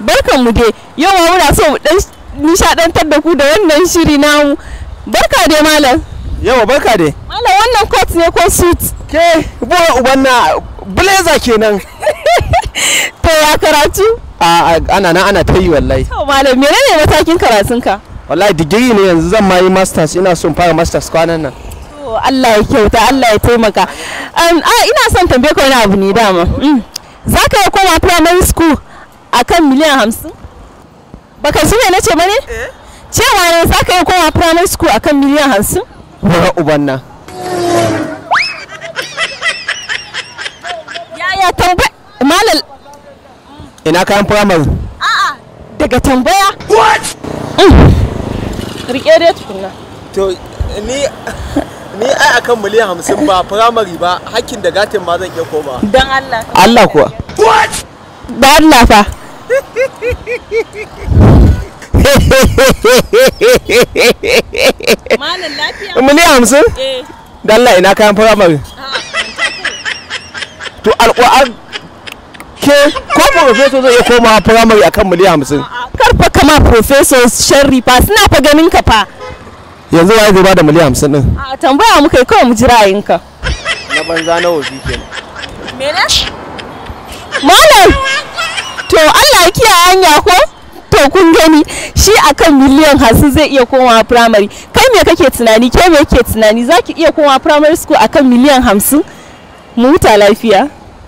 barkan mu dai ma muna so mu dan nishadantar da ku da wannan shiri namu barka dai malam yawa barka dai malam wannan coat ne ko suit ke bo uban na blazer kenan to ya karatu a ana nan ana ta yi wallahi to malam menene matakin karatun ka wallahi digiri ne yanzu zan ma yi masters ina son fara masters kwanan nan Allah ya kyauta Allah ya taimaka ina son tambaye ka wani abu ne dama mm. za ka yi koma primary akan miliyan hamsin baka ji na ce ba ne eh. cewa ne za ka yi kowa primary school akan miliyan hamsin wara uban nan yaya tambaya malal ina kayan primary a'a daga tambaya what mm. rike dai tukunna to ni ni ai akan miliyan hamsin ba primary ba hakkin da gatin ma zan iya koma don allah allah kuwa what ba allah fa Malam Mune hamsin? Eh. Dalla ina kayan firamare. To alƙwa'ar ke ko professor zai iya komawa firamare akan miliyan hamsin. Karfa kama professor sharri fa suna fa ganin ka fa. Yanzu waye zai bada miliyan hamsin din? A tambaya muka yi kawai mu ji ra'ayinka. Na banza na wofi kenan. Mene? Malam! To tsakiyar hanya ko to kun gani shi akan miliyan hamsin zai iya komawa primary kai me kake tunani ke me kake tunani zaki iya komawa primary school akan miliyan hamsin mu huta lafiya